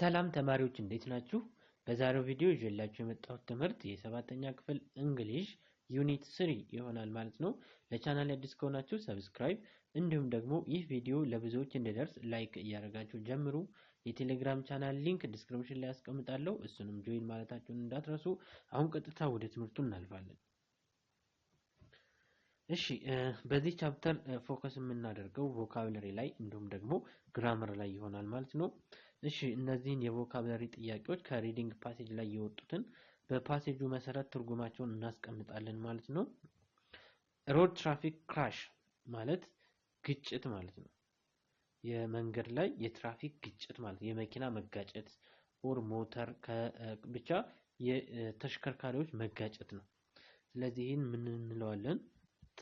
ሰላም ተማሪዎች እንዴት ናችሁ? በዛሬው ቪዲዮ ይዤላችሁ የመጣሁት ትምህርት የሰባተኛ ክፍል እንግሊዥ ዩኒት ስሪ ይሆናል ማለት ነው። ለቻናል አዲስ ከሆናችሁ ሰብስክራይብ፣ እንዲሁም ደግሞ ይህ ቪዲዮ ለብዙዎች እንዲደርስ ላይክ እያደረጋችሁ ጀምሩ። የቴሌግራም ቻናል ሊንክ ዲስክሪፕሽን ላይ አስቀምጣለሁ። እሱንም ጆይን ማለታችሁን እንዳትረሱ። አሁን ቀጥታ ወደ ትምህርቱ እናልፋለን። እሺ በዚህ ቻፕተር ፎከስ የምናደርገው ቮካብለሪ ላይ እንዲሁም ደግሞ ግራመር ላይ ይሆናል ማለት ነው። እሺ እነዚህን የቮካብለሪ ጥያቄዎች ከሪዲንግ ፓሴጅ ላይ የወጡትን በፓሴጁ መሰረት ትርጉማቸውን እናስቀምጣለን ማለት ነው። ሮድ ትራፊክ ክራሽ ማለት ግጭት ማለት ነው። የመንገድ ላይ የትራፊክ ግጭት ማለት የመኪና መጋጨት ኦር ሞተር ብቻ የተሽከርካሪዎች መጋጨት ነው። ስለዚህ ይህን ምን እንለዋለን?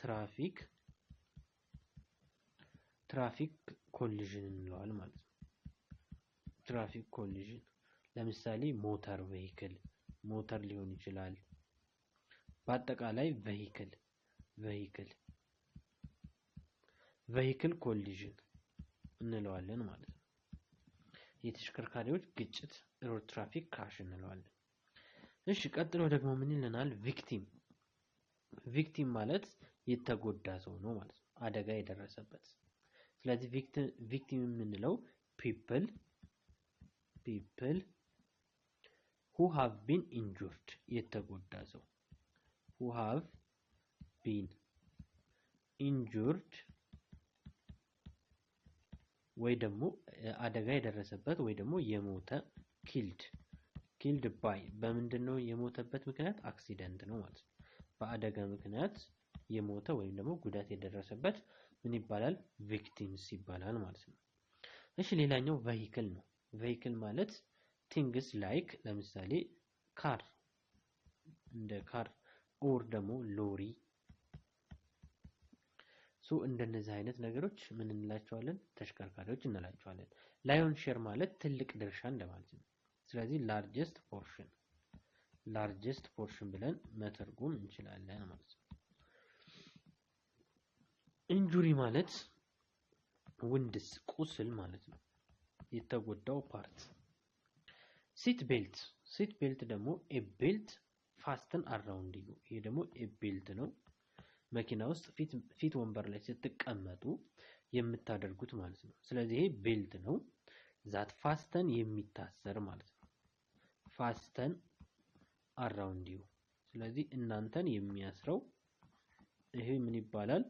ትራፊክ ትራፊክ ኮሊዥን እንለዋል ማለት ነው። ትራፊክ ኮሊዥን ለምሳሌ ሞተር ቬሂክል ሞተር ሊሆን ይችላል። በአጠቃላይ ቬሂክል ቬሂክል ቬሂክል ኮሊዥን እንለዋለን ማለት ነው። የተሽከርካሪዎች ግጭት ሮድ ትራፊክ ካሽ እንለዋለን። እሺ ቀጥሎ ደግሞ ምን ይለናል? ቪክቲም ቪክቲም ማለት የተጎዳ ሰው ነው ማለት ነው፣ አደጋ የደረሰበት። ስለዚህ ቪክቲም የምንለው ፒፕል ፒፕል ሁ ሃቭ ቢን ኢንጁርድ የተጎዳ ሰው ሁ ሃቭ ቢን ኢንጁርድ ወይ ደግሞ አደጋ የደረሰበት ወይ ደግሞ የሞተ ኪልድ ኪልድ ባይ በምንድን ነው የሞተበት ምክንያት አክሲደንት ነው ማለት ነው። በአደጋ ምክንያት የሞተ ወይም ደግሞ ጉዳት የደረሰበት ምን ይባላል? ቪክቲምስ ይባላል ማለት ነው። እሺ ሌላኛው ቬሂክል ነው። ቬይክል ማለት ቲንግስ ላይክ ለምሳሌ ካር እንደ ካር ኦር ደግሞ ሎሪ ሶ እንደነዚህ አይነት ነገሮች ምን እንላቸዋለን? ተሽከርካሪዎች እንላቸዋለን። ላዮን ሼር ማለት ትልቅ ድርሻ እንደማለት ነው። ስለዚህ ላርጀስት ፖርሽን ላርጀስት ፖርሽን ብለን መተርጎም እንችላለን ማለት ነው። ኢንጁሪ ማለት ውንድስ ቁስል ማለት ነው። የተጎዳው ፓርት። ሲት ቤልት ሲት ቤልት ደግሞ ኤቤልት ፋስትን አራውንድ አራውንድዩ ይሄ ደግሞ ኤቤልት ነው። መኪና ውስጥ ፊት ወንበር ላይ ስትቀመጡ የምታደርጉት ማለት ነው። ስለዚህ ይሄ ቤልት ነው። ዛት ፋስተን የሚታሰር ማለት ነው። ፋስተን አራውንድ ዩ ስለዚህ እናንተን የሚያስረው ይሄ ምን ይባላል?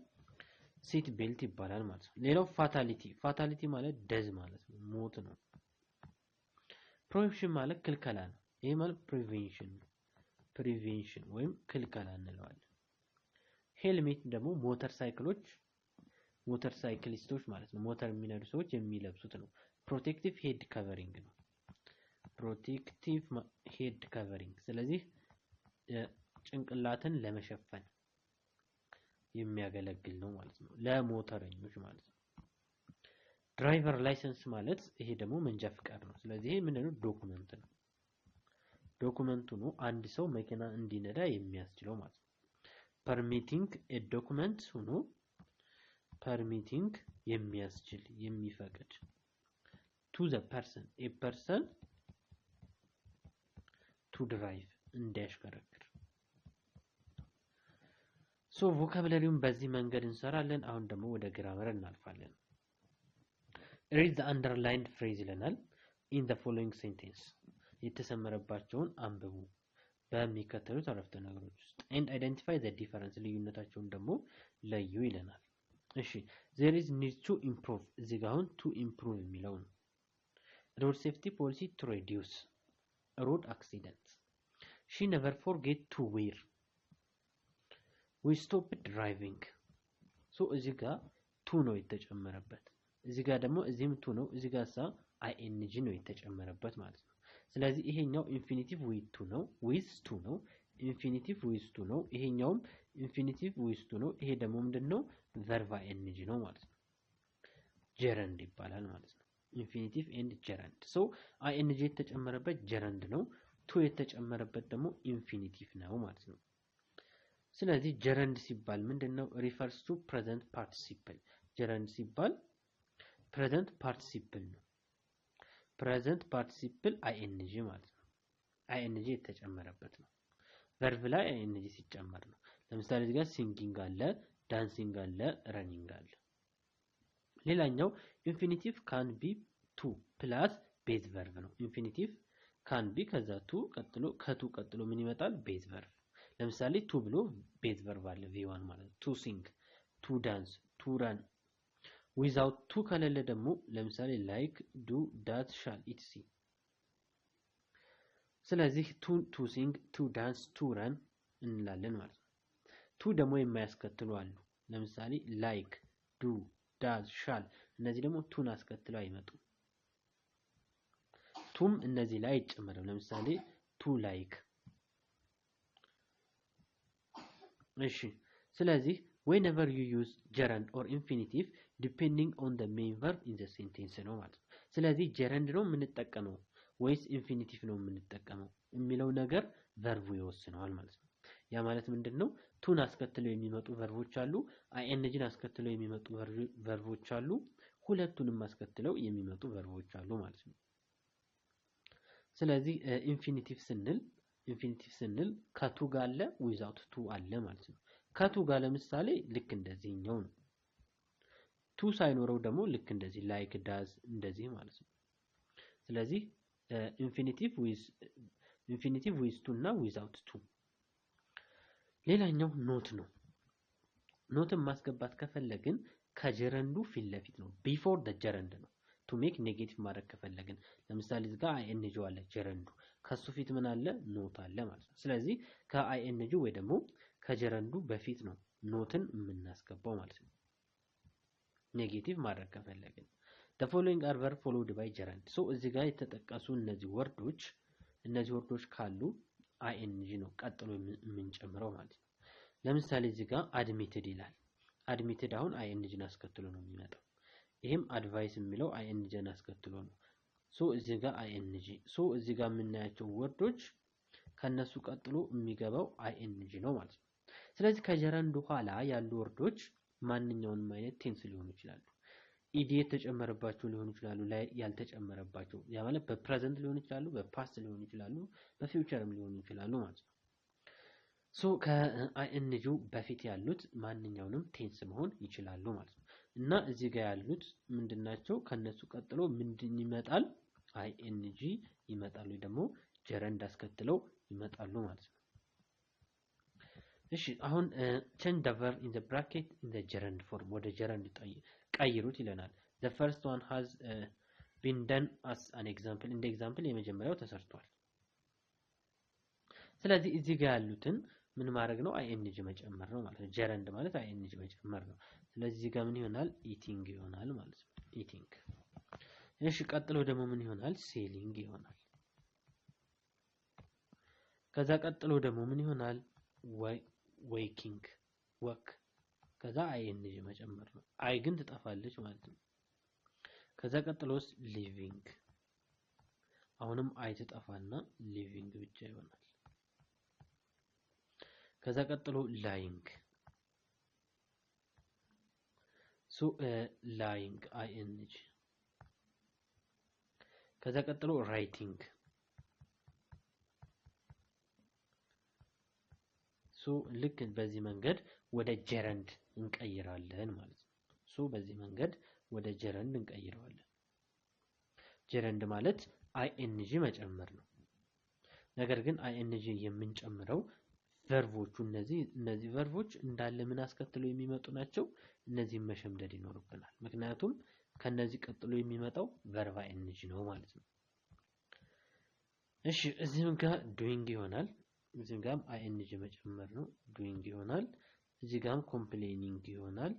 ሲት ቤልት ይባላል ማለት ነው። ሌላው ፋታሊቲ ፋታሊቲ ማለት ደዝ ማለት ነው፣ ሞት ነው። ፕሮሂቢሽን ማለት ክልከላ ነው። ይሄ ማለት ፕሪቬንሽን ነው። ፕሪቬንሽን ወይም ክልከላ እንለዋለን። ሄልሜት ደግሞ ሞተር ሳይክሎች ሞተር ሳይክሊስቶች ማለት ነው፣ ሞተር የሚነዱ ሰዎች የሚለብሱት ነው። ፕሮቴክቲቭ ሄድ ካቨሪንግ ነው። ፕሮቴክቲቭ ሄድ ከቨሪንግ ስለዚህ ጭንቅላትን ለመሸፈን የሚያገለግል ነው ማለት ነው። ለሞተረኞች ማለት ነው። ድራይቨር ላይሰንስ ማለት ይሄ ደግሞ መንጃ ፍቃድ ነው። ስለዚህ ይሄ ነው? ዶኩመንት ነው። ዶኩመንቱ ነው አንድ ሰው መኪና እንዲነዳ የሚያስችለው ማለት ነው። ፐርሚቲንግ ዶኩመንት ሆኖ ፐርሚቲንግ የሚያስችል የሚፈቅድ ቱ ዘ ፐርሰን ኤ ፐርሰን ቱ ድራይቭ እንዲያሽከረክር ሶ ቮካብለሪውን በዚህ መንገድ እንሰራለን። አሁን ደግሞ ወደ ግራመር እናልፋለን። ሪድ ዘ አንደርላይንድ ፍሬዝ ይለናል። ኢን ዘ ፎሎዊንግ ሴንቴንስ የተሰመረባቸውን አንብቡ በሚከተሉት አረፍተ ነገሮች ውስጥ ኤንድ አይደንቲፋይ ዘ ዲፈረንስ ልዩነታቸውን ደግሞ ለዩ ይለናል። እሺ ዜር ኢዝ ኒድ ቱ ኢምፕሩቭ እዚህ ጋር አሁን ቱ ኢምፕሩቭ የሚለው ነው። ሮድ ሴፍቲ ፖሊሲ ቱ ሬዲዩስ ሮድ አክሲደንት ሺ ነቨር ፎርጌት ቱ ዌር ዊ ስቶፕ ድራይቪንግ ሶ እዚህ ጋር ቱ ነው የተጨመረበት። እዚህ ጋር ደግሞ እዚህም ቱ ነው። እዚህ ጋር ሳ አይኤንጂ ነው የተጨመረበት ማለት ነው። ስለዚህ ይሄኛው ኢንፊኒቲቭ ዊዝ ቱ ነው ዊዝ ቱ ነው ኢንፊኒቲቭ ዊዝ ቱ ነው። ይሄኛውም ኢንፊኒቲቭ ዊዝ ቱ ነው። ይሄ ደግሞ ምንድን ነው ቨርቭ አይኤንጂ ነው ማለት ነው። ጀረንድ ይባላል ማለት ነው። ኢንፊኒቲቭ ኤንድ ጀረንድ ሶ አይኤንጂ የተጨመረበት ጀረንድ ነው። ቱ የተጨመረበት ደግሞ ኢንፊኒቲቭ ነው ማለት ነው። ስለዚህ ጀረንድ ሲባል ምንድን ነው? ሪፈርስ ቱ ፕሬዘንት ፓርቲሲፕል። ጀረንድ ሲባል ፕሬዘንት ፓርቲሲፕል ነው። ፕሬዘንት ፓርቲሲፕል አይኤንጂ ማለት ነው። አይኤንጂ የተጨመረበት ነው። ቨርብ ላይ አይኤንጂ ሲጨመር ነው። ለምሳሌ እዚህ ጋር ሲንጊንግ አለ፣ ዳንሲንግ አለ፣ ረኒንግ አለ። ሌላኛው ኢንፊኒቲቭ ካን ቢ ቱ ፕላስ ቤዝ ቨርቭ ነው። ኢንፊኒቲቭ ካን ቢ ከዛ ቱ ቀጥሎ ከቱ ቀጥሎ ምን ይመጣል? ቤዝ ቨርቭ ለምሳሌ ቱ ብሎ ቤዝ ቨርብ አለ ቪዋን ማለት ቱ ሲንግ፣ ቱ ዳንስ፣ ቱ ራን። ዊዛውት ቱ ከሌለ ደግሞ ለምሳሌ ላይክ፣ ዱ፣ ዳት፣ ሻል ኢትሲ። ስለዚህ ቱ ቱ ሲንግ፣ ቱ ዳንስ፣ ቱ ራን እንላለን ማለት ነው። ቱ ደግሞ የማያስከትሉ አሉ። ለምሳሌ ላይክ፣ ዱ፣ ዳዝ፣ ሻል እነዚህ ደግሞ ቱን አስከትለው አይመጡም። ቱም እነዚህ ላይ አይጨመርም። ለምሳሌ ቱ ላይክ እሺ ስለዚህ whenever you use gerund or infinitive depending on the main verb in the sentence ነው ማለት ነው። ስለዚህ gerund ነው የምንጠቀመው ወይስ ኢንፊኒቲቭ ነው የምንጠቀመው የሚለው ነገር ቨርቡ ይወስነዋል ማለት ነው። ያ ማለት ምንድን ነው? ቱን አስከትለው የሚመጡ ቨርቦች አሉ። አይኤንጂን አስከትለው የሚመጡ ቨርቦች አሉ። ሁለቱንም አስከትለው የሚመጡ ቨርቦች አሉ ማለት ነው። ስለዚህ ኢንፊኒቲቭ ስንል ኢንፊኒቲቭ ስንል ከቱ ጋር አለ ዊዛውት ቱ አለ ማለት ነው። ከቱ ጋር ለምሳሌ ልክ እንደዚህኛው ነው። ቱ ሳይኖረው ደግሞ ልክ እንደዚህ ላይክ ዳዝ እንደዚህ ማለት ነው። ስለዚህ ኢንፊኒቲቭ ዊዝ ኢንፊኒቲቭ ዊዝ ቱ እና ዊዛውት ቱ። ሌላኛው ኖት ነው። ኖትን ማስገባት ከፈለግን ከጀረንዱ ፊት ለፊት ነው። ቢፎር ደ ጀረንድ ነው። ቱ ሜክ ኔጌቲቭ ማድረግ ከፈለግን ለምሳሌ እዚህ ጋር አይኤንጂ አለ ጀረንዱ ከሱ ፊት ምን አለ ኖት አለ ማለት ነው። ስለዚህ ከአይኤንጂ ወይ ደግሞ ከጀረንዱ በፊት ነው ኖትን የምናስገባው ማለት ነው። ኔጌቲቭ ማድረግ ከፈለግን ፎሎዊንግ አር ፎሎድ ፎሎውድ ባይ ጀረንድ ሶ እዚህ ጋር የተጠቀሱ እነዚህ ወርዶች እነዚህ ወርዶች ካሉ አይኤንጂ ነው ቀጥሎ የምንጨምረው ማለት ነው። ለምሳሌ እዚህ ጋር አድሚትድ ይላል። አድሚትድ አሁን አይኤንጂን አስከትሎ ነው የሚመጣው። ይህም አድቫይስ የሚለው አይኤንጂን አስከትሎ ነው። ሶ እዚህ ጋር አይኤንጂ ሶ እዚህ ጋር የምናያቸው ወርዶች ከነሱ ቀጥሎ የሚገባው አይኤንጂ ነው ማለት ነው። ስለዚህ ከጀረንዱ ኋላ ያሉ ወርዶች ማንኛውንም አይነት ቴንስ ሊሆኑ ይችላሉ። ኢዲ የተጨመረባቸው ሊሆኑ ይችላሉ፣ ያልተጨመረባቸው ያ ማለት በፕሬዘንት ሊሆኑ ይችላሉ፣ በፓስት ሊሆኑ ይችላሉ፣ በፊውቸርም ሊሆኑ ይችላሉ ማለት ነው። ሶ ከአይኤንጂው በፊት ያሉት ማንኛውንም ቴንስ መሆን ይችላሉ ማለት ነው። እና እዚህ ጋር ያሉት ምንድን ናቸው? ከነሱ ቀጥሎ ምንድን ይመጣል? አይኤንጂ ይመጣሉ፣ ደግሞ ጀረንድ አስከትለው ይመጣሉ ማለት ነው። እሺ አሁን ቼንጅ ዘ ቨርብ ኢን ዘ ብራኬት ኢን ዘ ጀረንድ ፎርም ወደ ጀረንድ ቀይሩት ይለናል። ዘ ፈርስት ዋን ሃዝ ቢን ደን አስ አን ኤግዛምፕል እንደ ኤግዛምፕል የመጀመሪያው ተሰርቷል። ስለዚህ እዚህ ጋር ያሉትን ምን ማድረግ ነው? አይኤንጂ መጨመር ነው ማለት ነው። ጀረንድ ማለት አይኤንጂ መጨመር ነው። ስለዚህ እዚህ ጋር ምን ይሆናል? ኢቲንግ ይሆናል ማለት ነው። ኢቲንግ። እሺ ቀጥሎ ደግሞ ምን ይሆናል? ሴሊንግ ይሆናል። ከዛ ቀጥሎ ደግሞ ምን ይሆናል? ዌኪንግ ወክ። ከዛ አይኤንጂ መጨመር ነው። አይ ግን ትጠፋለች ማለት ነው። ከዛ ቀጥሎስ ሊቪንግ አሁንም አይ ትጠፋና ሊቪንግ ብቻ ይሆናል። ከዛ ቀጥሎ ላይንግ ሱ ላይንግ አይኤንጂ ከዛ ቀጥሎ ራይቲንግ ሱ ልክ በዚህ መንገድ ወደ ጀረንድ እንቀይራለን ማለት ነው። ሱ በዚህ መንገድ ወደ ጀረንድ እንቀይረዋለን። ጀረንድ ማለት አይኤንጂ መጨመር ነው። ነገር ግን አይኤንጂ የምንጨምረው ቨርቦቹ እነዚህ እነዚህ ቨርቦች እንዳለ ምን አስከትለው የሚመጡ ናቸው። እነዚህን መሸምደድ ይኖርብናል። ምክንያቱም ከነዚህ ቀጥሎ የሚመጣው ቨርባ ኤንጂ ነው ማለት ነው። እሺ እዚህም ጋር ዱዊንግ ይሆናል። እዚህም ጋር አይኤንጂ መጨመር ነው። ዱዊንግ ይሆናል። እዚህ ጋርም ኮምፕሌኒንግ ይሆናል።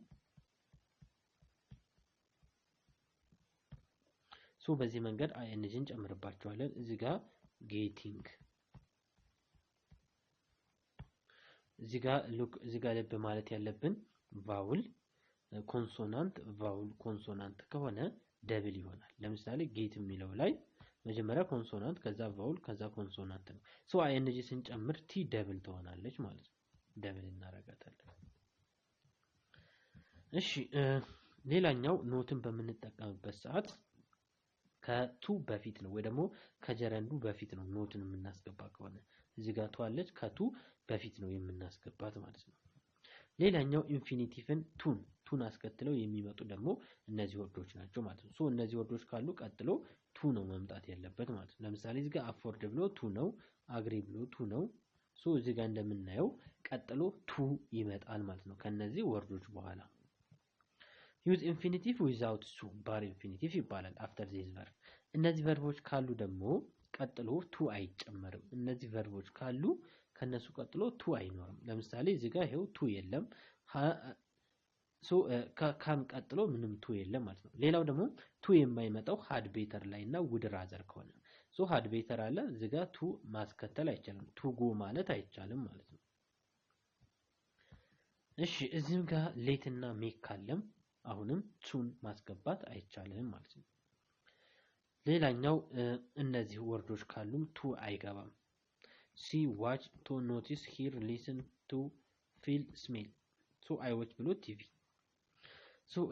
ሶ በዚህ መንገድ አይኤንጂን ጨምርባቸዋለን። እዚህ ጋር ጌቲንግ እዚጋ ሉክ ልብ ማለት ያለብን ቫውል ኮንሶናንት ቫውል ኮንሶናንት ከሆነ ደብል ይሆናል። ለምሳሌ ጌት የሚለው ላይ መጀመሪያ ኮንሶናንት ከዛ ቫውል ከዛ ኮንሶናንት ነው። ሶ አይኤንጂ ስንጨምር ቲ ደብል ትሆናለች ማለት ነው። ደብል እናረጋታለን። እሺ ሌላኛው ኖትን በምንጠቀምበት ሰዓት ከቱ በፊት ነው ወይ ደግሞ ከጀረንዱ በፊት ነው ኖትን የምናስገባ ከሆነ እዚህ ጋር ተዋለች ከቱ በፊት ነው የምናስገባት ማለት ነው። ሌላኛው ኢንፊኒቲቭን ቱን ቱን አስከትለው የሚመጡ ደግሞ እነዚህ ወርዶች ናቸው ማለት ነው። ሶ እነዚህ ወርዶች ካሉ ቀጥሎ ቱ ነው መምጣት ያለበት ማለት ነው። ለምሳሌ እዚህ ጋር አፎርድ ብሎ ቱ ነው፣ አግሪ ብሎ ቱ ነው። ሶ እዚህ ጋር እንደምናየው ቀጥሎ ቱ ይመጣል ማለት ነው ከነዚህ ወርዶች በኋላ ዩዝ ኢንፊኒቲቭ ዊዛውት ሱ ባር ኢንፊኒቲቭ ይባላል። አፍተር ዚዝ ቨርብ እነዚህ ቨርቦች ካሉ ደግሞ ቀጥሎ ቱ አይጨመርም። እነዚህ ቨርቦች ካሉ ከነሱ ቀጥሎ ቱ አይኖርም። ለምሳሌ እዚህ ጋር ይሄው ቱ የለም። ካን ቀጥሎ ምንም ቱ የለም ማለት ነው። ሌላው ደግሞ ቱ የማይመጣው ሀድ ቤተር ላይ እና ውድ ራዘር ከሆነ ሶ ሀድ ቤተር አለ እዚህ ጋር ቱ ማስከተል አይቻልም። ቱ ጎ ማለት አይቻልም ማለት ነው። እሺ እዚህም ጋር ሌት እና ሜክ ካለም አሁንም ቱን ማስገባት አይቻልም ማለት ነው። ሌላኛው እነዚህ ወርዶች ካሉም ቱ አይገባም። ሲ ዋች፣ ቱ ኖቲስ፣ ሂር፣ ሊስን፣ ቱ ፊል፣ ስሜል፣ ሶ አይዎች ብሎ ቲቪ።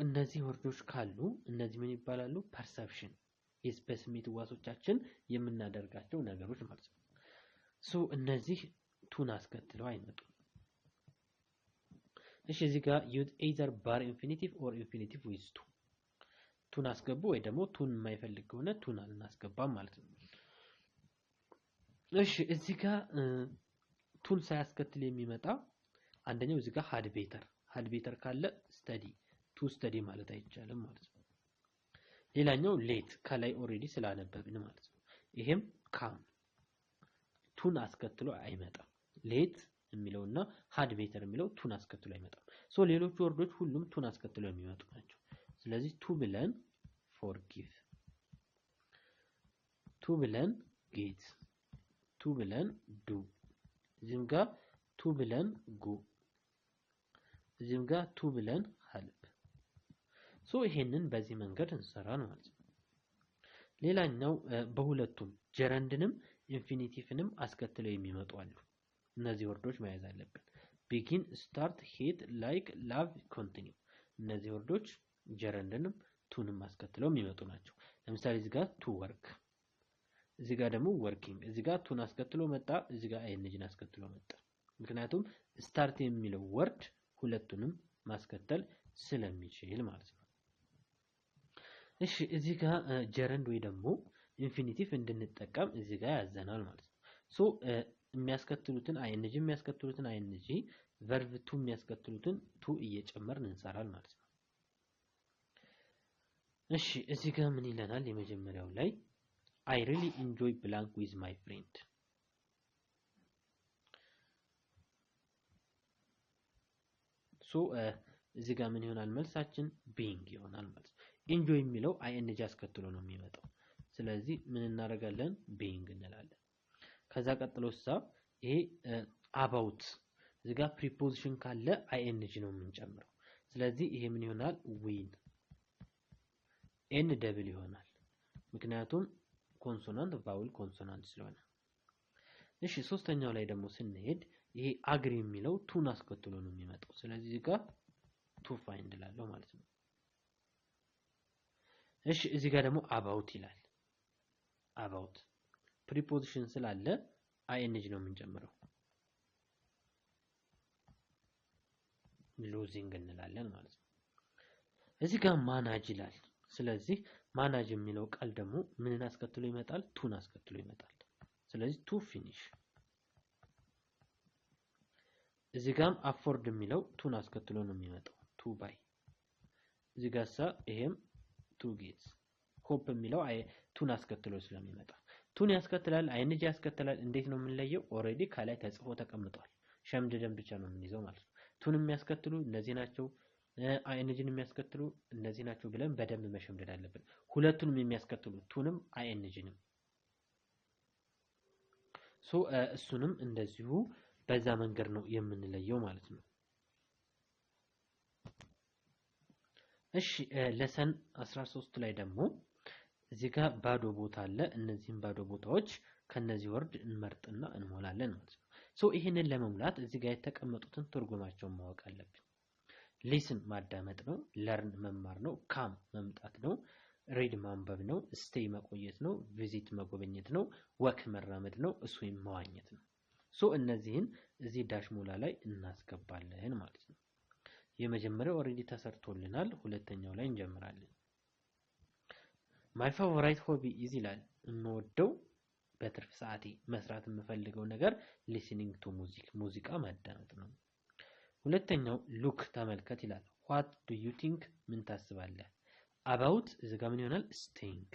እነዚህ ወርዶች ካሉ እነዚህ ምን ይባላሉ? ፐርሰፕሽን በስሜት ዋሶቻችን የምናደርጋቸው ነገሮች ማለት ነው። እነዚህ ቱን አስከትለው አይመጡም። እሺ እዚህ ጋር ዩዝ ኤዘር ባር ኢንፊኒቲቭ ኦር ኢንፊኒቲቭ ዊዝ ቱ ቱን አስገቡ፣ ወይ ደግሞ ቱን የማይፈልግ ከሆነ ቱን አልናስገባም ማለት ነው። እሺ እዚህ ጋር ቱን ሳያስከትል የሚመጣ አንደኛው እዚህ ጋር ሃድ ቤተር ሃድ ቤተር ካለ ስተዲ ቱ ስተዲ ማለት አይቻልም ማለት ነው። ሌላኛው ሌት ከላይ ኦሬዲ ስላነበብን ማለት ነው። ይሄም ካም ቱን አስከትሎ አይመጣም። ሌት የሚለው እና ሀድ ቤተር የሚለው ቱን አስከትሎ አይመጣም። ሶ ሌሎቹ ወርዶች ሁሉም ቱን አስከትሎ የሚመጡ ናቸው። ስለዚህ ቱ ብለን ፎርጊቭ፣ ቱ ብለን ጌት፣ ቱ ብለን ዱ፣ እዚህም ጋር ቱ ብለን ጉ፣ እዚህም ጋር ቱ ብለን ሀልፕ። ሶ ይሄንን በዚህ መንገድ እንሰራን ማለት ነው። ሌላኛው በሁለቱም ጀረንድንም ኢንፊኒቲቭንም አስከትለው የሚመጡ አሉ። እነዚህ ወርዶች መያዝ አለብን። ቢጊን፣ ስታርት፣ ሄድ፣ ላይክ፣ ላቭ፣ ኮንቲኒው እነዚህ ወርዶች ጀረንድንም ቱንም አስከትለው የሚመጡ ናቸው። ለምሳሌ እዚህ ጋር ቱ ወርክ፣ እዚህ ጋር ደግሞ ወርኪንግ። እዚህ ጋር ቱን አስከትሎ መጣ፣ እዚህ ጋር አይንጅን አስከትሎ መጣ። ምክንያቱም ስታርት የሚለው ወርድ ሁለቱንም ማስከተል ስለሚችል ማለት ነው። እሺ እዚህ ጋር ጀረንድ ወይ ደግሞ ኢንፊኒቲቭ እንድንጠቀም እዚህ ጋር ያዘናል ማለት ነው። ሶ የሚያስከትሉትን አይንጂ የሚያስከትሉትን አይንጂ ቨርቭ ቱ የሚያስከትሉትን ቱ እየጨመርን እንሰራል ማለት ነው። እሺ እዚህ ጋር ምን ይለናል? የመጀመሪያው ላይ አይ ሪሊ ኢንጆይ ብላንክ ዊዝ ማይ ፍሬንድ ሶ እዚህ ጋር ምን ይሆናል መልሳችን? ቢንግ ይሆናል ማለት ነው። ኢንጆይ የሚለው አይኤንጂ አስከትሎ ነው የሚመጣው። ስለዚህ ምን እናደርጋለን? ቢንግ እንላለን። ከዛ ቀጥሎ ሳ ይሄ አባውት እዚጋ ፕሪፖዚሽን ካለ አይኤንጂ ነው የምንጨምረው። ስለዚህ ይሄ ምን ይሆናል? ዊል ኤን ደብል ይሆናል። ምክንያቱም ኮንሶናንት ቫውል ኮንሶናንት ስለሆነ። እሺ ሶስተኛው ላይ ደግሞ ስንሄድ ይሄ አግሪ የሚለው ቱን አስከትሎ ነው የሚመጣው። ስለዚህ እዚህ ጋር ቱ ፋይንድ ላለው ማለት ነው። እሺ እዚህ ጋር ደግሞ አባውት ይላል አባውት ፕሪፖዚሽን ስላለ አይኤንጂ ነው የምንጨምረው። ሉዚንግ እንላለን ማለት ነው። እዚህ ጋር ማናጅ ይላል። ስለዚህ ማናጅ የሚለው ቃል ደግሞ ምንን አስከትሎ ይመጣል? ቱን አስከትሎ ይመጣል። ስለዚህ ቱ ፊኒሽ። እዚህ ጋም አፎርድ የሚለው ቱን አስከትሎ ነው የሚመጣው፣ ቱ ባይ። እዚህ ጋሳ ይሄም ቱ ጌትስ። ሆፕ የሚለው ቱን አስከትሎ ስለሚመጣ ቱን ያስከትላል፣ አይንጅ ያስከትላል። እንዴት ነው የምንለየው? ኦልሬዲ ከላይ ተጽፎ ተቀምጧል። ሸምድደን ብቻ ነው የምንይዘው ማለት ነው። ቱን የሚያስከትሉ እነዚህ ናቸው፣ አይንጅን የሚያስከትሉ እነዚህ ናቸው ብለን በደንብ መሸምደድ አለብን። ሁለቱንም የሚያስከትሉ ቱንም አይንጅንም። ሶ እሱንም እንደዚሁ በዛ መንገድ ነው የምንለየው ማለት ነው። እሺ ለሰን 13 ላይ ደግሞ እዚህ ጋር ባዶ ቦታ አለ። እነዚህም ባዶ ቦታዎች ከነዚህ ወርድ እንመርጥና እንሞላለን ማለት ነው። ሶ ይሄንን ለመሙላት እዚህ ጋር የተቀመጡትን ትርጉማቸውን ማወቅ አለብን። ሊስን ማዳመጥ ነው። ለርን መማር ነው። ካም መምጣት ነው። ሬድ ማንበብ ነው። ስቴይ መቆየት ነው። ቪዚት መጎብኘት ነው። ወክ መራመድ ነው። እሱ መዋኘት ነው። ሶ እነዚህን እዚህ ዳሽ ሞላ ላይ እናስገባለን ማለት ነው። የመጀመሪያው ኦልሬዲ ተሰርቶልናል። ሁለተኛው ላይ እንጀምራለን። ማይ ፋቮራይት ሆቢ ኢዝ ይላል የምወደው በትርፍ ሰዓቴ መስራት የምፈልገው ነገር ሊስኒንግ ቱ ሙዚክ ሙዚቃ ማዳመጥ ነው። ሁለተኛው ሉክ ተመልከት ይላል። ዋት ዱ ዩ ቲንክ ምን ታስባለህ? አባውት እዚህ ጋር ምን ይሆናል? ስቲንግ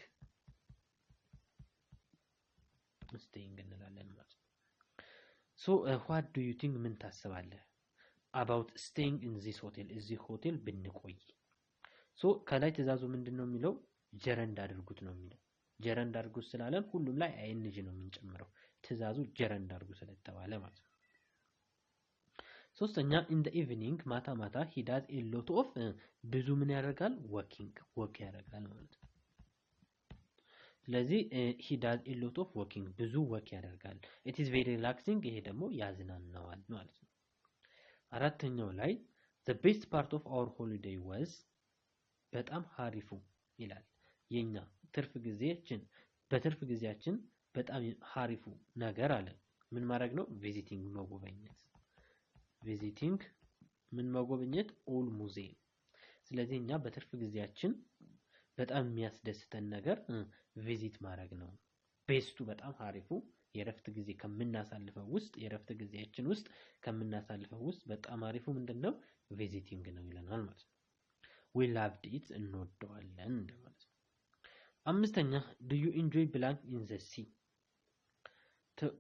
ስቲንግ እንላለን ማለት ነው። ሶ ዋት ዱ ዩ ቲንክ ምን ታስባለህ? አባውት ስቴይንግ ኢን ዚስ ሆቴል እዚህ ሆቴል ብንቆይ። ሶ ከላይ ትእዛዙ ምንድን ነው የሚለው ጀረንድ አድርጉት ነው የሚለው። ጀረንድ አድርጉት ስላለን ሁሉም ላይ አይንጅ ነው የምንጨምረው። ትዕዛዙ ጀረንድ አድርጉ ስለተባለ ማለት ነው። ሶስተኛ ኢን ዘ ኢቭኒንግ ማታ ማታ ሂዳዝ ኤሎት ኦፍ ብዙ ምን ያደርጋል? ወኪንግ ወክ ያደርጋል ማለት ነው። ስለዚህ ሂዳዝ ኤሎት ኦፍ ወኪንግ ብዙ ወክ ያደርጋል። ኢት ኢዝ ቬሪ ሪላክሲንግ፣ ይሄ ደግሞ ያዝናናዋል ማለት ነው። አራተኛው ላይ ዘ ቤስት ፓርት ኦፍ አወር ሆሊዴይ ወዝ በጣም ሀሪፉ ይላል የኛ ትርፍ ጊዜያችን በትርፍ ጊዜያችን በጣም ሀሪፉ ነገር አለ ምን ማድረግ ነው ቪዚቲንግ መጎበኘት ቪዚቲንግ ምን መጎብኘት ኦል ሙዚየም ስለዚህ እኛ በትርፍ ጊዜያችን በጣም የሚያስደስተን ነገር ቪዚት ማድረግ ነው ቤስቱ በጣም ሀሪፉ የረፍት ጊዜ ከምናሳልፈው ውስጥ የረፍት ጊዜያችን ውስጥ ከምናሳልፈው ውስጥ በጣም አሪፉ ምንድን ነው ቪዚቲንግ ነው ይለናል ማለት ነው ዊ ላቭድ ኢት እንወደዋለን እንደማለት አምስተኛ ዱዩ ኢንጆይ ብላንክ ኢን ዘ ሲ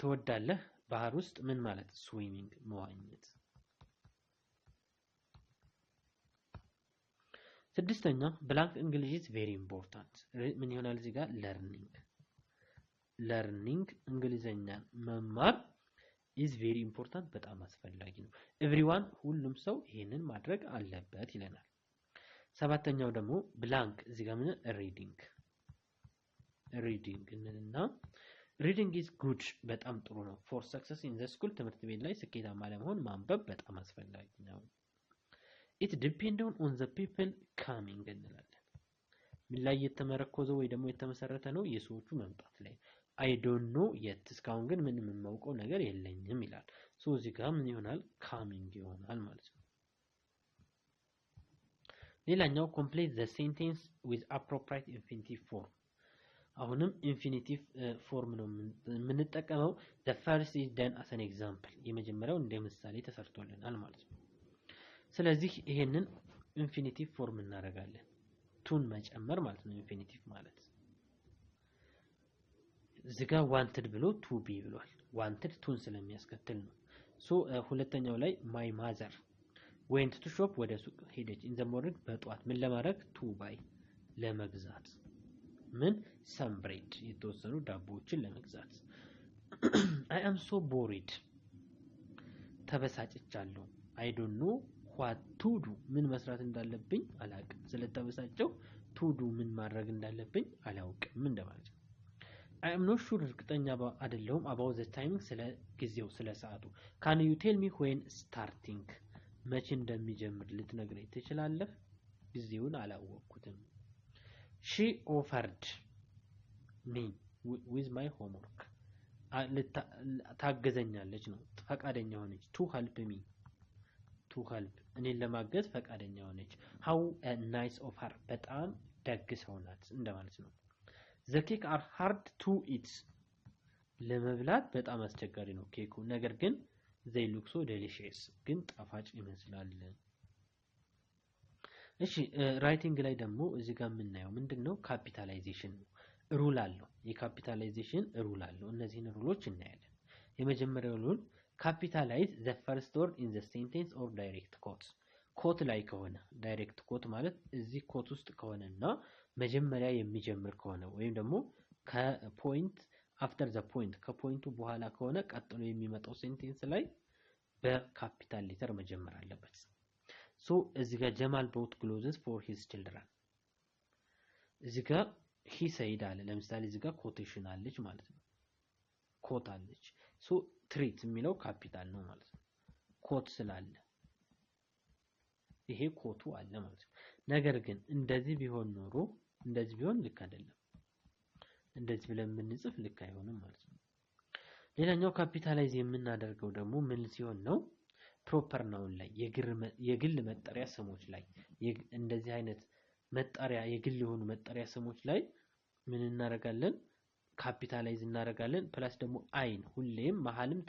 ትወዳለህ ባህር ውስጥ ምን ማለት ስዊሚንግ መዋኘት። ስድስተኛ ብላንክ እንግሊዝ ኢዝ ቬሪ ኢምፖርታንት ምን ይሆናል እዚህ ጋር ለርኒንግ ለርኒንግ እንግሊዘኛ መማር ኢዝ ቬሪ ኢምፖርታንት በጣም አስፈላጊ ነው። ኤቭሪዋን ሁሉም ሰው ይሄንን ማድረግ አለበት ይለናል። ሰባተኛው ደግሞ ብላንክ እዚህ ጋር ምን ሪዲንግ ሪዲንግ እና ሪዲንግ ኢዝ ጉድ በጣም ጥሩ ነው። ፎር ሰክሰስ ኢን ዘ ስኩል ትምህርት ቤት ላይ ስኬታማ ለመሆን ማንበብ በጣም አስፈላጊ ነው። ኢት ዲፔንድ ኦን ዘ ፒፕል ካሚንግ እንላለን። ምን ላይ የተመረኮዘው ወይ ደግሞ የተመሰረተ ነው? የሰዎቹ መምጣት ላይ አይ ዶንት ኖ የት እስካሁን ግን ምን የምናውቀው ነገር የለኝም ይላል። ሶ እዚህ ጋር ምን ይሆናል? ካሚንግ ይሆናል ማለት ነው። ሌላኛው ኮምፕሌት ዘ ሴንቴንስ ዊዝ አፕሮፕሪየት ኢንፊኒቲቭ ፎርም አሁንም ኢንፊኒቲቭ ፎርም ነው የምንጠቀመው። ዘ ፈርስት ኢዝ ደን አስ አን ኤግዛምፕል የመጀመሪያው እንደ ምሳሌ ተሰርቶልናል ማለት ነው። ስለዚህ ይሄንን ኢንፊኒቲቭ ፎርም እናደርጋለን። ቱን መጨመር ማለት ነው ኢንፊኒቲቭ ማለት ዝጋ ዋንትድ ብሎ ቱ ቢ ብሏል። ዋንትድ ቱን ስለሚያስከትል ነው። ሶ ሁለተኛው ላይ ማይ ማዘር ዌንት ቱ ሾፕ ወደ ሱቅ ሄደች። ኢን ዘ ሞርኒንግ በጠዋት ምን ለማድረግ ቱ ባይ ለመግዛት ምን ሰምብሬድ የተወሰኑ ዳቦዎችን ለመግዛት። አይ አም ሶ ቦሪድ ተበሳጭቻለሁ። አይ ዶንት ኖ ዋት ቱ ዱ ምን መስራት እንዳለብኝ አላውቅም። ስለተበሳጨው ቱ ዱ ምን ማድረግ እንዳለብኝ አላውቅም እንደማለት ነው። አይ አም ኖት ሹር እርግጠኛ አይደለሁም። አባው ዘ ታይሚንግ ስለ ጊዜው ስለ ሰዓቱ። ካን ዩ ቴል ሚ ዌን ስታርቲንግ መቼ እንደሚጀምር ልትነግረኝ ትችላለህ? ጊዜውን አላወቅኩትም። ሺ ኦፈርድ ሚ ዊዝ ማይ ሆምወርክ ታገዘኛለች ነው ፈቃደኛ ሆነች። ቱ ሀልፕ ሚ ቱ ሀልፕ እኔን ለማገዝ ፈቃደኛ ሆነች። ሀው ናይስ ኦፈር በጣም ደግ ሰው ናት እንደማለት ነው። ዘ ኬክ አር ሃርድ ቱ ኢት ለመብላት በጣም አስቸጋሪ ነው ኬኩ፣ ነገር ግን ዘይ ሉክሶ ዴሊሽስ ግን ጣፋጭ ይመስላል። እሺ ራይቲንግ ላይ ደግሞ እዚህ ጋር የምናየው ምንድን ነው? ካፒታላይዜሽን ነው። ሩል አለው። የካፒታላይዜሽን ሩል አለው። እነዚህን ሩሎች እናያለን። የመጀመሪያው ሩል ካፒታላይዝ ዘ ፈርስት ወርድ ኢን ዘ ሴንቴንስ ኦር ዳይሬክት ኮት። ኮት ላይ ከሆነ ዳይሬክት ኮት ማለት እዚህ ኮት ውስጥ ከሆነ እና መጀመሪያ የሚጀምር ከሆነ ወይም ደግሞ ከፖይንት አፍተር ዘ ፖይንት ከፖይንቱ በኋላ ከሆነ ቀጥሎ የሚመጣው ሴንቴንስ ላይ በካፒታል ሌተር መጀመር አለበት። ሶ እዚህ ጋር ጀማል ቦት ግሎዝስ ፎር ሂዝ ችልድረን እዚህ ጋር ሂ ሰይድ አለ። ለምሳሌ እዚህ ጋር ኮቴሽን አለች ማለት ነው። ኮት አለች። ሶ ትሪት የሚለው ካፒታል ነው ማለት ነው። ኮት ስላለ ይሄ ኮቱ አለ ማለት ነው። ነገር ግን እንደዚህ ቢሆን ኖሮ እንደዚህ ቢሆን ልክ አይደለም። እንደዚህ ብለን የምንጽፍ ልክ አይሆንም ማለት ነው። ሌላኛው ካፒታላይዝ የምናደርገው ደግሞ ምን ሲሆን ነው? ፕሮፐር ናውን ላይ የግል መጠሪያ ስሞች ላይ እንደዚህ አይነት መጠሪያ የግል የሆኑ መጠሪያ ስሞች ላይ ምን እናደርጋለን? ካፒታላይዝ እናደርጋለን። ፕላስ ደግሞ አይን ሁሌም መሀልም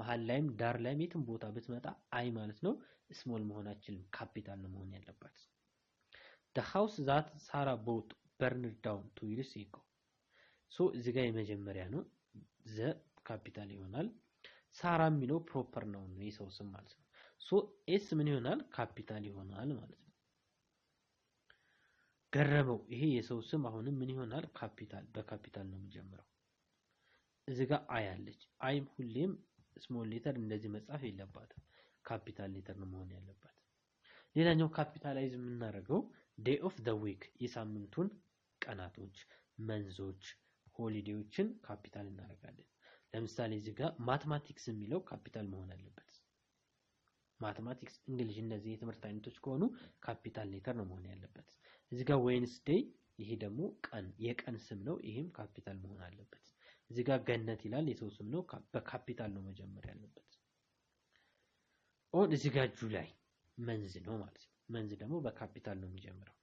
መሀል ላይም ዳር ላይም የትም ቦታ ብትመጣ አይ ማለት ነው። ስሞል መሆናችንም ካፒታል ነው መሆን ያለባት። ደ ሃውስ ዛት ሳራ ቦት በርንድ ዳውን ቱ ይርስ ሶ እዚህ ጋር የመጀመሪያ ነው ዘ ካፒታል ይሆናል። ሳራ የሚለው ፕሮፐር ነው የሰው ስም ማለት ነው። ሶ ኤስ ምን ይሆናል? ካፒታል ይሆናል ማለት ነው። ገረመው ይሄ የሰው ስም አሁንም ምን ይሆናል? ካፒታል በካፒታል ነው የሚጀምረው። እዚህ ጋር አይ አለች። አይም ሁሌም ስሞል ሌተር እንደዚህ መጻፍ የለባትም። ካፒታል ሌተር ነው መሆን ያለባት። ሌላኛው ካፒታላይዝ የምናደርገው ዴይ ኦፍ ዘ ዊክ የሳምንቱን ቀናቶች፣ መንዞች፣ ሆሊዴዎችን ካፒታል እናደርጋለን። ለምሳሌ እዚህ ጋር ማትማቲክስ የሚለው ካፒታል መሆን አለበት። ማትማቲክስ፣ እንግሊዝ እነዚህ የትምህርት አይነቶች ከሆኑ ካፒታል ሌተር ነው መሆን ያለበት። እዚህ ጋር ዌንስዴይ፣ ይሄ ደግሞ ቀን የቀን ስም ነው። ይሄም ካፒታል መሆን አለበት። እዚህ ጋር ገነት ይላል የሰው ስም ነው። በካፒታል ነው መጀመር ያለበት። ኦን እዚህ ጋር ጁላይ መንዝ ነው ማለት ነው። መንዝ ደግሞ በካፒታል ነው የሚጀምረው።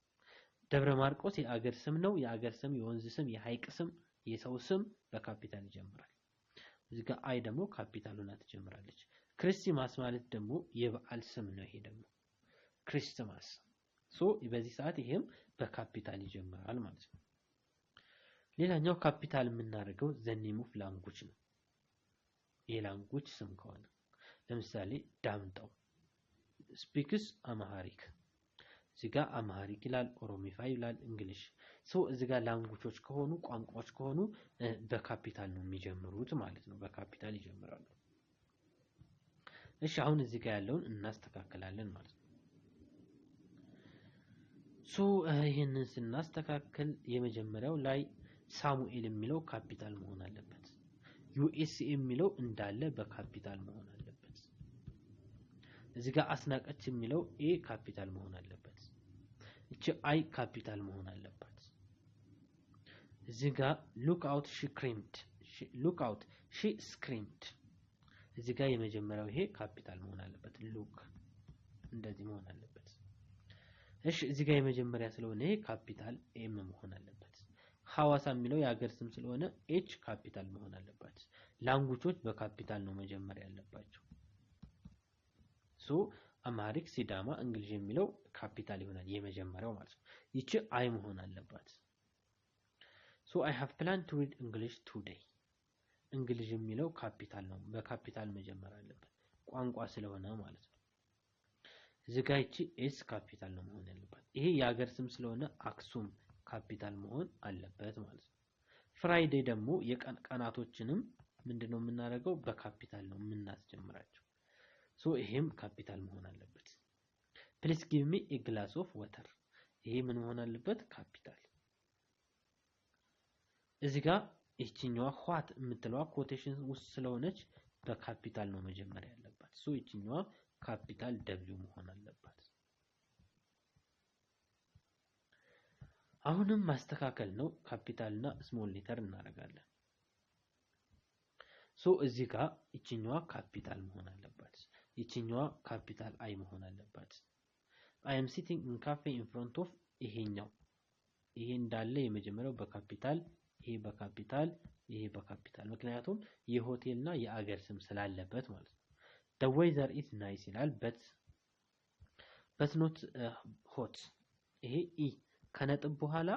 ደብረ ማርቆስ የአገር ስም ነው። የአገር ስም፣ የወንዝ ስም፣ የሀይቅ ስም፣ የሰው ስም በካፒታል ይጀምራል። እዚህ ጋር አይ ደግሞ ካፒታል ሆና ትጀምራለች። ክርስቲማስ ማለት ደግሞ የበዓል ስም ነው። ይሄ ደግሞ ክርስቲማስ ሶ በዚህ ሰዓት ይሄም በካፒታል ይጀምራል ማለት ነው። ሌላኛው ካፒታል የምናደርገው ዘኔም ኦፍ ላንጉጅ ነው። የላንጉጅ ስም ከሆነ ለምሳሌ ዳምጠው ስፒክስ አማሃሪክ እዚህ ጋር አማሪክ ይላል፣ ኦሮሚፋ ይላል፣ እንግሊሽ ሶ እዚህ ጋር ከሆኑ ቋንቋዎች ከሆኑ በካፒታል ነው የሚጀምሩት ማለት ነው። በካፒታል ይጀምራሉ። እሺ አሁን እዚህ ጋር ያለውን እናስተካክላለን ማለት ነው። ሶ ይህንን ስናስተካክል የመጀመሪያው ላይ ሳሙኤል የሚለው ካፒታል መሆን አለበት። ዩኤስኤ የሚለው እንዳለ በካፒታል መሆን አለበት። እዚህ ጋር አስናቀች የሚለው ኤ ካፒታል መሆን አለበት። እቺ አይ ካፒታል መሆን አለባት። እዚህ ጋር ሉክ አውት ሺ ስክሪምድ። እዚህ ጋር የመጀመሪያው ይሄ ካፒታል መሆን አለበት። ሉክ እንደዚህ መሆን አለበት። እሺ እዚህ ጋር የመጀመሪያ ስለሆነ ይሄ ካፒታል ኤም መሆን አለበት። ሐዋሳ የሚለው የሀገር ስም ስለሆነ ኤች ካፒታል መሆን አለባት። ላንጉቾች በካፒታል ነው መጀመሪያ ያለባቸው። አማሪክ፣ ሲዳማ፣ እንግሊዝ የሚለው ካፒታል ይሆናል የመጀመሪያው ማለት ነው። ይቺ አይ መሆን አለባት። ሶ አይ ሃቭ ፕላን ቱ ሪድ እንግሊሽ ቱዴይ። እንግሊዝ የሚለው ካፒታል ነው፣ በካፒታል መጀመር አለበት ቋንቋ ስለሆነ ማለት ነው። እዚህ ጋር ይቺ ኤስ ካፒታል ነው መሆን ያለባት። ይሄ የሀገር ስም ስለሆነ አክሱም ካፒታል መሆን አለበት ማለት ነው። ፍራይዴ ደግሞ የቀናቶችንም ምንድነው የምናደርገው በካፒታል ነው የምናስጀምራቸው። ሶ ይሄም ካፒታል መሆን አለበት። ፕሊስ ጊቭ ሚ ኤ ግላስ ኦፍ ወተር ይሄ ምን መሆን አለበት? ካፒታል። እዚህ ጋር ይችኛዋ ኋት የምትለዋ ኮቴሽን ውስጥ ስለሆነች በካፒታል ነው መጀመሪያ ያለባት። ሶ ይችኛዋ ካፒታል ደብሊው መሆን አለባት። አሁንም ማስተካከል ነው። ካፒታል እና ስሞል ሌተር እናደርጋለን። ሶ እዚህ ጋር ይችኛዋ ካፒታል መሆን አለባት። ይችኛዋ ካፒታል አይ መሆን አለባት። አይ ኤም ሲቲንግ ኢን ካፌ ኢን ፍሮንት ኦፍ ይሄኛው ይሄ እንዳለ የመጀመሪያው በካፒታል ይሄ በካፒታል ይሄ በካፒታል ምክንያቱም የሆቴል እና የአገር ስም ስላለበት ማለት ነው። the weather ኢዝ ናይስ ይላል በት በት ኖት ሆት ይሄ ኢ e. ከነጥብ በኋላ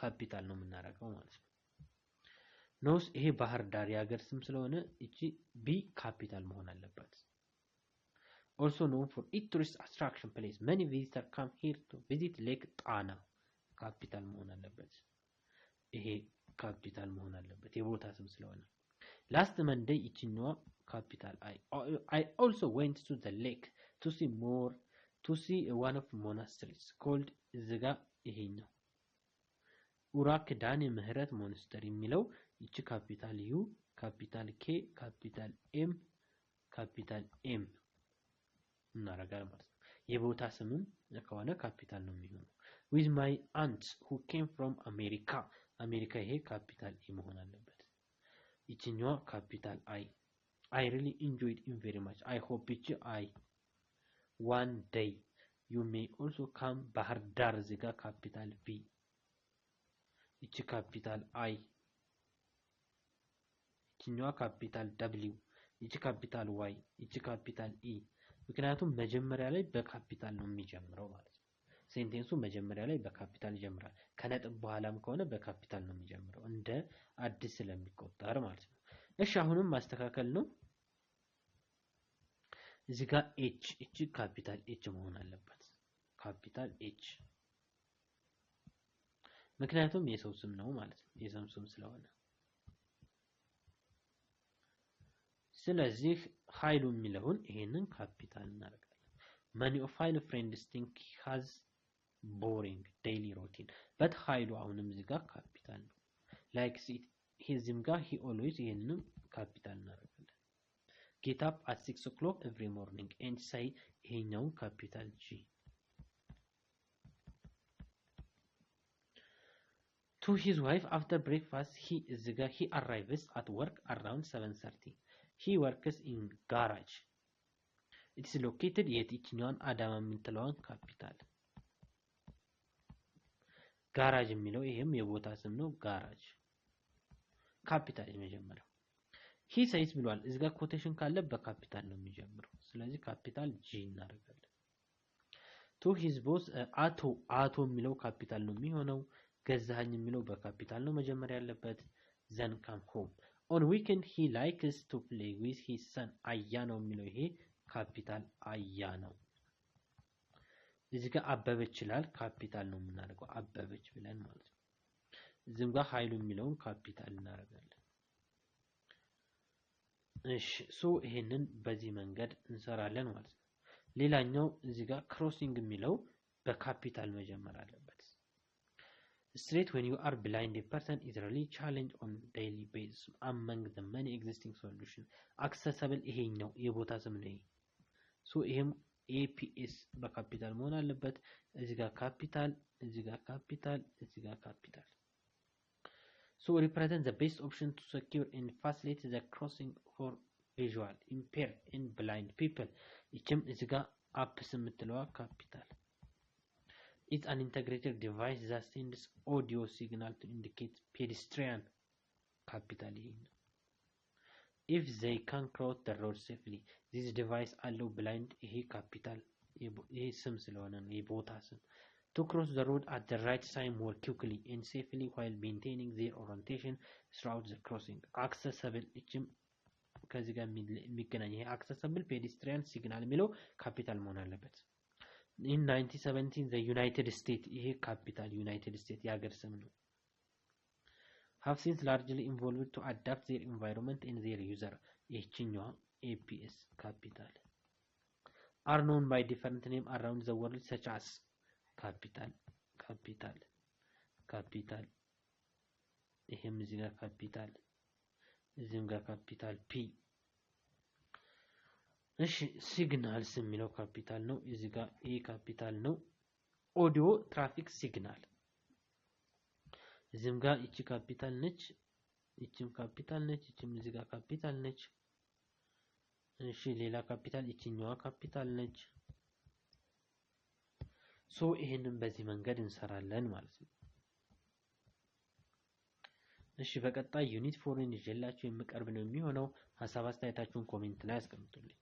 ካፒታል ነው የምናደርገው ማለት ነው። ኖስ ይሄ ባህር ዳር የአገር ስም ስለሆነ እቺ ቢ ካፒታል መሆን አለባት። also known for its tourist attraction place many visitors come here to visit ሌክ ጣና ካፒታል መሆን አለበት ይሄ ካፒታል መሆን አለበት የቦታ ስም ስለሆነ ላስት መንዴ ይችኛዋ ካፒታል አይ ኦልሶ ዌንት ቱ ዘ ሌክ ቱ ሲ ሞር ቱ ሲ ዋን ኦፍ ሞናስትሪስ ኮልድ እዝጋ ይሄኛው ኡራክ ዳን ምህረት ሞንስተር የሚለው ይቺ ካፒታል ዩ ካፒታል ኬ ካፒታል ኤም ካፒታል ኤም እናደርጋለን ማለት ነው። የቦታ ስምም ከሆነ ካፒታል ነው የሚሆነው። ዊዝ ማይ አንት ሁ ኬም ፍሮም አሜሪካ አሜሪካ ይሄ ካፒታል ኤ መሆን አለበት። ይችኛዋ ካፒታል አይ አይ ሪሊ ኢንጆይድ ኢን ቬሪ ማች አይ ሆፕ ይቺ አይ ዋን ደይ ዩ ሜይ ኦልሶ ካም ባህር ዳር እዚህ ጋር ካፒታል ቪ ይቺ ካፒታል አይ ይችኛዋ ካፒታል ደብሊው ይቺ ካፒታል ዋይ ይቺ ካፒታል ኢ e. ምክንያቱም መጀመሪያ ላይ በካፒታል ነው የሚጀምረው ማለት ነው። ሴንቴንሱ መጀመሪያ ላይ በካፒታል ይጀምራል። ከነጥብ በኋላም ከሆነ በካፒታል ነው የሚጀምረው እንደ አዲስ ስለሚቆጠር ማለት ነው። እሺ አሁንም ማስተካከል ነው። እዚህ ጋር ኤች ኤች ካፒታል ኤች መሆን አለበት። ካፒታል ኤች ምክንያቱም የሰው ስም ነው ማለት ነው። የሰው ስም ስለሆነ ስለዚህ ኃይሉ የሚለውን ይሄንን ካፒታል እናደርጋለን። ማኒ ኦፍ ኃይሉ ፍሬንድ ስቲንክ ሃዝ ቦሪንግ ዴይሊ ሩቲን በት ኃይሉ አሁንም እዚህ ጋር ካፒታል ነው። ላይክ ሂዝም ጋር ሂ ኦልዌይዝ ይሄንንም ካፒታል እናደርጋለን። ጌት አፕ አት ሲክስ ኦክሎክ ኤቭሪ ሞርኒንግ ኤንድ ሳይ ይሄኛውን ካፒታል ጂ ቱ ሂዝ ዋይፍ አፍተር ብሬክፋስት ሂ እዚህ ጋር ሂ አራይቭስ አት ወርክ አራውንድ He ወርክስ ኢን ጋራጅ It ሎኬትድ located የትኛዋን አዳማ የምትለዋን ካፒታል ጋራጅ የሚለው ይሄም የቦታ ስም ነው። ጋራጅ ካፒታል የመጀመሪያው ሂ ሰይስ ብሏል። እዚህ ጋር ኮቴሽን ካለ በካፒታል ነው የሚጀምረው። ስለዚህ ካፒታል ጂ እናደርጋለን። ቱ ሂዝ ቦስ አቶ አቶ የሚለው ካፒታል ነው የሚሆነው። ገዛሃኝ የሚለው በካፒታል ነው መጀመሪያ ያለበት። ዘን ካም ሆም ኦን ዊክን ሂ ላይክስ ቱ ፕሌይ ዊዝ ሂዝ ሰን አያ ነው የሚለው ይሄ ካፒታል አያ ነው። እዚህ ጋር አበበች ይላል ካፒታል ነው የምናደርገው አበበች ብለን ማለት ነው። እዚህም ጋር ኃይሉ የሚለውን ካፒታል እናደርጋለን። እሺ ሶ ይሄንን በዚህ መንገድ እንሰራለን ማለት ነው። ሌላኛው እዚህ ጋር ክሮሲንግ የሚለው በካፒታል መጀመር አለበት። straight when you are blind, a person is really challenged on daily basis among the many existing solutions. Accessible ይሄ የቦታ ስም ነው። ሶ ይሄም ኤፒኤስ በካፒታል መሆን አለበት። እዚህ ጋር ካፒታል፣ እዚህ ጋር ካፒታል፣ እዚህ ጋር ካፒታል። ሶ ሪፕሬዘንት ዘ ቤስት ኦፕሽን ቱ ሰኪር ኤንድ ፋሲሊቲ ዘ ክሮሲንግ ፎር ቪዥዋል ኢምፔርድ ኤንድ ብላይንድ ፒፕል። ይችም እዚህ ጋር አፕስ የምትለዋ ካፒታል is an integrated device that sends audio signal to indicate pedestrian capital if they can cross the road safely this device allow blind ይሄ capital ይሄ ስም ስለሆነ ነው የቦታ to cross the road at the right time more quickly and safely while maintaining their orientation throughout the crossing accessible እችም ከዚህ ጋር የሚገናኝ ይሄ accessible pedestrian signal የሚለው ካፒታል መሆን አለበት ኢን 1917 ዘ ዩናይትድ ስቴትስ ይሄ ካፒታል ዩናይትድ ስቴት የሀገር ስም ነው። ሀቭ ሲንስ ላርጅሊ ኢንቮልቭድ ቱ አዳፕት ዜር ኢንቫይሮንመንት ኤንድ ዜር ዩዘር ይህችኛዋ ኤፒኤስ ካፒታል አር ኖን ባይ ዲፈረንት ኔም አራውንድ ዘ ወርልድ ሰች አስ ካፒታል ካፒታል ካፒታል ይሄም እዚህ ጋር ካፒታል እዚህም ጋር ካፒታል ፒ እሺ ሲግናልስ የሚለው ካፒታል ነው። እዚህ ጋር ኤ ካፒታል ነው። ኦዲዮ ትራፊክ ሲግናል እዚህም ጋር ይቺ ካፒታል ነች፣ ይቺም ካፒታል ነች፣ ይቺም እዚህ ጋር ካፒታል ነች። እሺ ሌላ ካፒታል ይቺኛዋ ካፒታል ነች። ሶ ይሄንን በዚህ መንገድ እንሰራለን ማለት ነው። እሺ በቀጣይ ዩኒት ፎርን ይዤላችሁ የምቀርብ ነው የሚሆነው። ሀሳብ አስተያየታችሁን ኮሜንት ላይ አስቀምጡልኝ።